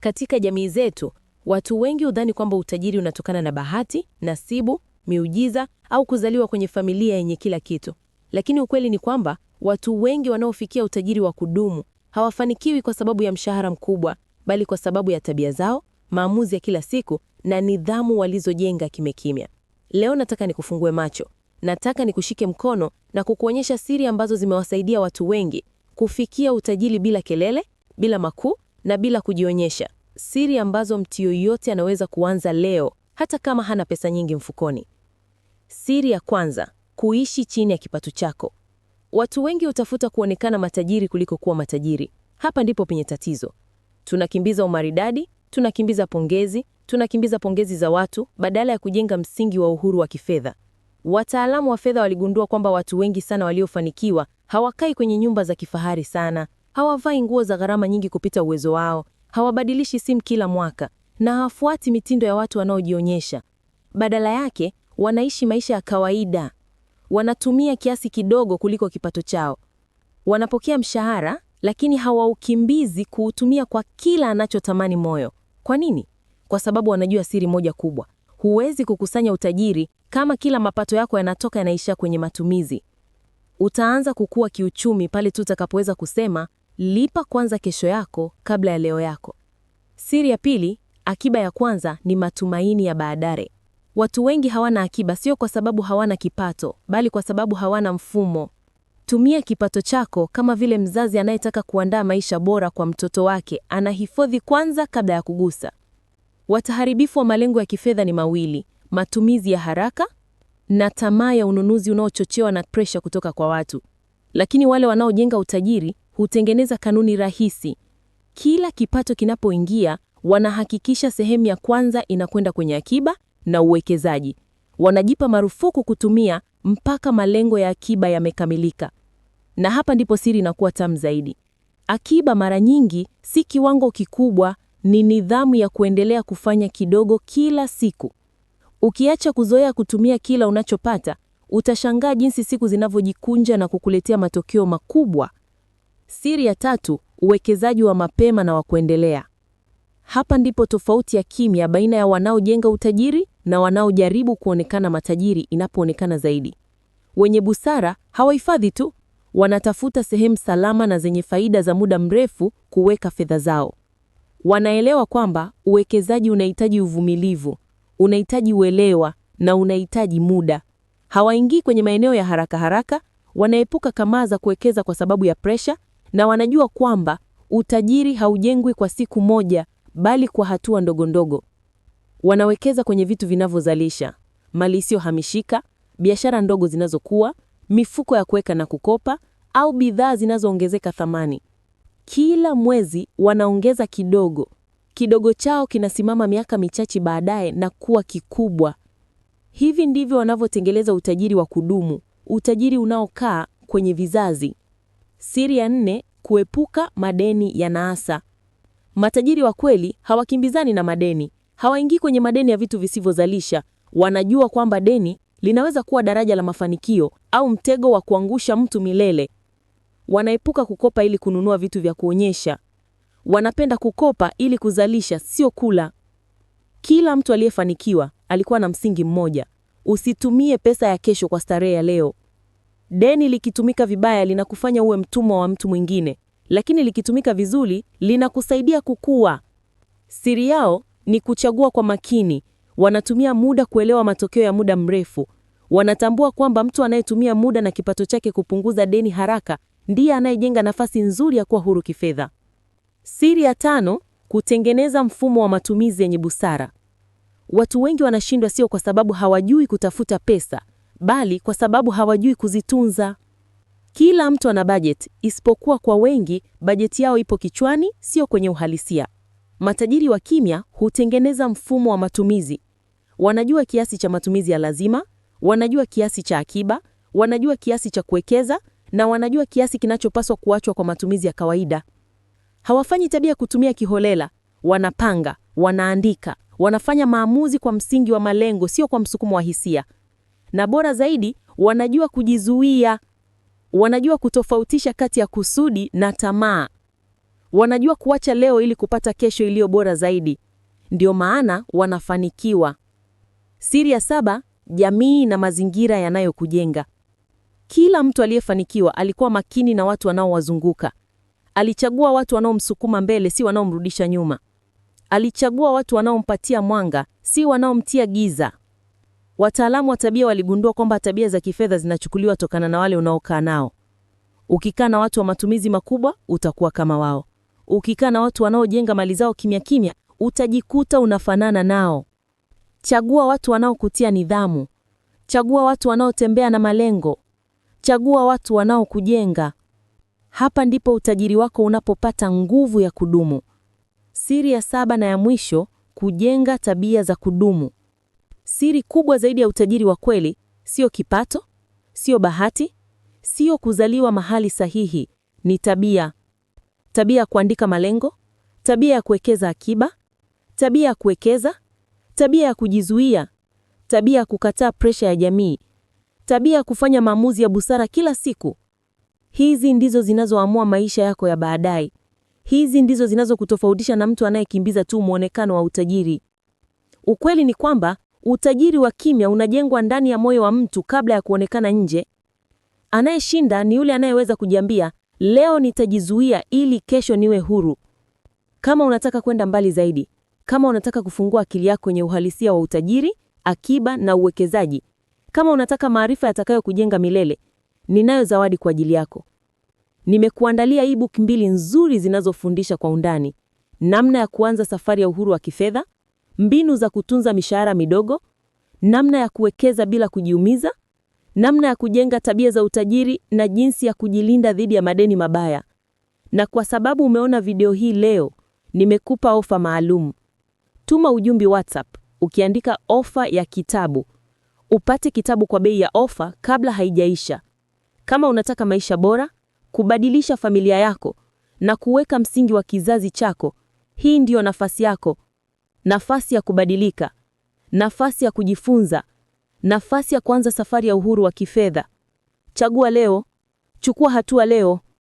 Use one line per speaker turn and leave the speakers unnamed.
Katika jamii zetu, watu wengi hudhani kwamba utajiri unatokana na bahati, nasibu, miujiza au kuzaliwa kwenye familia yenye kila kitu. Lakini ukweli ni kwamba watu wengi wanaofikia utajiri wa kudumu hawafanikiwi kwa sababu ya mshahara mkubwa, bali kwa sababu ya tabia zao, maamuzi ya kila siku na nidhamu walizojenga kimekimya. Leo nataka nikufungue macho, nataka nikushike mkono na kukuonyesha siri ambazo zimewasaidia watu wengi kufikia utajiri bila kelele, bila makuu na bila kujionyesha, siri ambazo mtu yoyote anaweza kuanza leo, hata kama hana pesa nyingi mfukoni. Siri ya kwanza: kuishi chini ya kipato chako. Watu wengi hutafuta kuonekana matajiri kuliko kuwa matajiri. Hapa ndipo penye tatizo. Tunakimbiza umaridadi, tunakimbiza pongezi, tunakimbiza pongezi za watu badala ya kujenga msingi wa uhuru wa kifedha. Wataalamu wa fedha waligundua kwamba watu wengi sana waliofanikiwa hawakai kwenye nyumba za kifahari sana, Hawavai nguo za gharama nyingi kupita uwezo wao, hawabadilishi simu kila mwaka na hawafuati mitindo ya watu wanaojionyesha. Badala yake, wanaishi maisha ya kawaida, wanatumia kiasi kidogo kuliko kipato chao, wanapokea mshahara lakini hawaukimbizi kuutumia kwa kila anachotamani moyo. Kwa nini? Kwa sababu wanajua siri moja kubwa: huwezi kukusanya utajiri kama kila mapato yako yanatoka yanaisha kwenye matumizi. Utaanza kukua kiuchumi pale tu utakapoweza kusema lipa kwanza kesho yako kabla ya leo yako. Siri ya pili, akiba ya kwanza ni matumaini ya baadaye. Watu wengi hawana akiba, sio kwa sababu hawana kipato, bali kwa sababu hawana mfumo. Tumia kipato chako kama vile mzazi anayetaka kuandaa maisha bora kwa mtoto wake, anahifadhi kwanza kabla ya kugusa. Wataharibifu wa malengo ya kifedha ni mawili: matumizi ya haraka na tamaa ya ununuzi unaochochewa na presha kutoka kwa watu. Lakini wale wanaojenga utajiri hutengeneza kanuni rahisi. Kila kipato kinapoingia, wanahakikisha sehemu ya kwanza inakwenda kwenye akiba na uwekezaji. Wanajipa marufuku kutumia mpaka malengo ya akiba yamekamilika. Na hapa ndipo siri inakuwa tamu zaidi. Akiba mara nyingi si kiwango kikubwa, ni nidhamu ya kuendelea kufanya kidogo kila siku. Ukiacha kuzoea kutumia kila unachopata, utashangaa jinsi siku zinavyojikunja na kukuletea matokeo makubwa. Siri ya tatu, uwekezaji wa mapema na wa kuendelea. Hapa ndipo tofauti ya kimya baina ya wanaojenga utajiri na wanaojaribu kuonekana matajiri inapoonekana zaidi. Wenye busara hawahifadhi tu, wanatafuta sehemu salama na zenye faida za muda mrefu kuweka fedha zao. Wanaelewa kwamba uwekezaji unahitaji uvumilivu, unahitaji uelewa na unahitaji muda. Hawaingii kwenye maeneo ya haraka haraka, wanaepuka kamaa za kuwekeza kwa sababu ya pressure na wanajua kwamba utajiri haujengwi kwa siku moja, bali kwa hatua ndogo ndogo. Wanawekeza kwenye vitu vinavyozalisha, mali isiyohamishika, biashara ndogo zinazokuwa, mifuko ya kuweka na kukopa, au bidhaa zinazoongezeka thamani. Kila mwezi wanaongeza kidogo kidogo, chao kinasimama miaka michache baadaye na kuwa kikubwa. Hivi ndivyo wanavyotengeleza utajiri wa kudumu, utajiri unaokaa kwenye vizazi. Siri ya nne, kuepuka madeni ya naasa. Matajiri wa kweli hawakimbizani na madeni, hawaingii kwenye madeni ya vitu visivyozalisha. Wanajua kwamba deni linaweza kuwa daraja la mafanikio au mtego wa kuangusha mtu milele. Wanaepuka kukopa ili kununua vitu vya kuonyesha. Wanapenda kukopa ili kuzalisha, sio kula. Kila mtu aliyefanikiwa alikuwa na msingi mmoja: usitumie pesa ya kesho kwa starehe ya leo. Deni likitumika vibaya linakufanya uwe mtumwa wa mtu mwingine, lakini likitumika vizuri linakusaidia kukua. Siri yao ni kuchagua kwa makini. Wanatumia muda kuelewa matokeo ya muda mrefu. Wanatambua kwamba mtu anayetumia muda na kipato chake kupunguza deni haraka ndiye anayejenga nafasi nzuri ya kuwa huru kifedha. Siri ya tano, kutengeneza mfumo wa matumizi yenye busara. Watu wengi wanashindwa sio kwa sababu hawajui kutafuta pesa, bali kwa sababu hawajui kuzitunza. Kila mtu ana bajeti, isipokuwa kwa wengi bajeti yao ipo kichwani, sio kwenye uhalisia. Matajiri wa kimya hutengeneza mfumo wa matumizi. Wanajua kiasi cha matumizi ya lazima, wanajua kiasi cha akiba, wanajua kiasi cha kuwekeza na wanajua kiasi kinachopaswa kuachwa kwa matumizi ya kawaida. Hawafanyi tabia kutumia kiholela, wanapanga, wanaandika, wanafanya maamuzi kwa msingi wa malengo, sio kwa msukumo wa hisia na bora zaidi, wanajua kujizuia, wanajua kutofautisha kati ya kusudi na tamaa, wanajua kuacha leo ili kupata kesho iliyo bora zaidi. Ndio maana wanafanikiwa. Siri ya saba: jamii na mazingira yanayokujenga. Kila mtu aliyefanikiwa alikuwa makini na watu wanaowazunguka. Alichagua watu wanaomsukuma mbele, si wanaomrudisha nyuma. Alichagua watu wanaompatia mwanga, si wanaomtia giza. Wataalamu wa tabia waligundua kwamba tabia za kifedha zinachukuliwa tokana na wale unaokaa nao. Ukikaa na watu wa matumizi makubwa, utakuwa kama wao. Ukikaa na watu wanaojenga mali zao kimya kimya, utajikuta unafanana nao. Chagua watu wanaokutia nidhamu. Chagua watu wanaotembea na malengo. Chagua watu wanaokujenga. Hapa ndipo utajiri wako unapopata nguvu ya kudumu. Siri ya saba na ya mwisho, kujenga tabia za kudumu. Siri kubwa zaidi ya utajiri wa kweli sio kipato, sio bahati, sio kuzaliwa mahali sahihi, ni tabia. Tabia ya kuandika malengo, tabia ya kuwekeza akiba, tabia ya kuwekeza, tabia ya kujizuia, tabia ya kukataa presha ya jamii, tabia ya kufanya maamuzi ya busara kila siku. Hizi ndizo zinazoamua maisha yako ya baadaye. Hizi ndizo zinazokutofautisha na mtu anayekimbiza tu mwonekano wa utajiri. Ukweli ni kwamba Utajiri wa kimya unajengwa ndani ya moyo wa mtu kabla ya kuonekana nje. Anayeshinda ni yule anayeweza kujiambia, leo nitajizuia ili kesho niwe huru. Kama unataka kwenda mbali zaidi, kama unataka kufungua akili yako kwenye uhalisia wa utajiri, akiba na uwekezaji, kama unataka maarifa yatakayokujenga milele, ninayo zawadi kwa ajili yako. Nimekuandalia ebook mbili nzuri zinazofundisha kwa undani namna ya kuanza safari ya uhuru wa kifedha mbinu za kutunza mishahara midogo, namna ya kuwekeza bila kujiumiza, namna ya kujenga tabia za utajiri na jinsi ya kujilinda dhidi ya madeni mabaya. Na kwa sababu umeona video hii leo, nimekupa ofa maalum. Tuma ujumbe WhatsApp ukiandika ofa ya kitabu, upate kitabu kwa bei ya ofa kabla haijaisha. Kama unataka maisha bora, kubadilisha familia yako na kuweka msingi wa kizazi chako, hii ndiyo nafasi yako nafasi ya kubadilika, nafasi ya kujifunza, nafasi ya kuanza safari ya uhuru wa kifedha. Chagua leo, chukua hatua leo.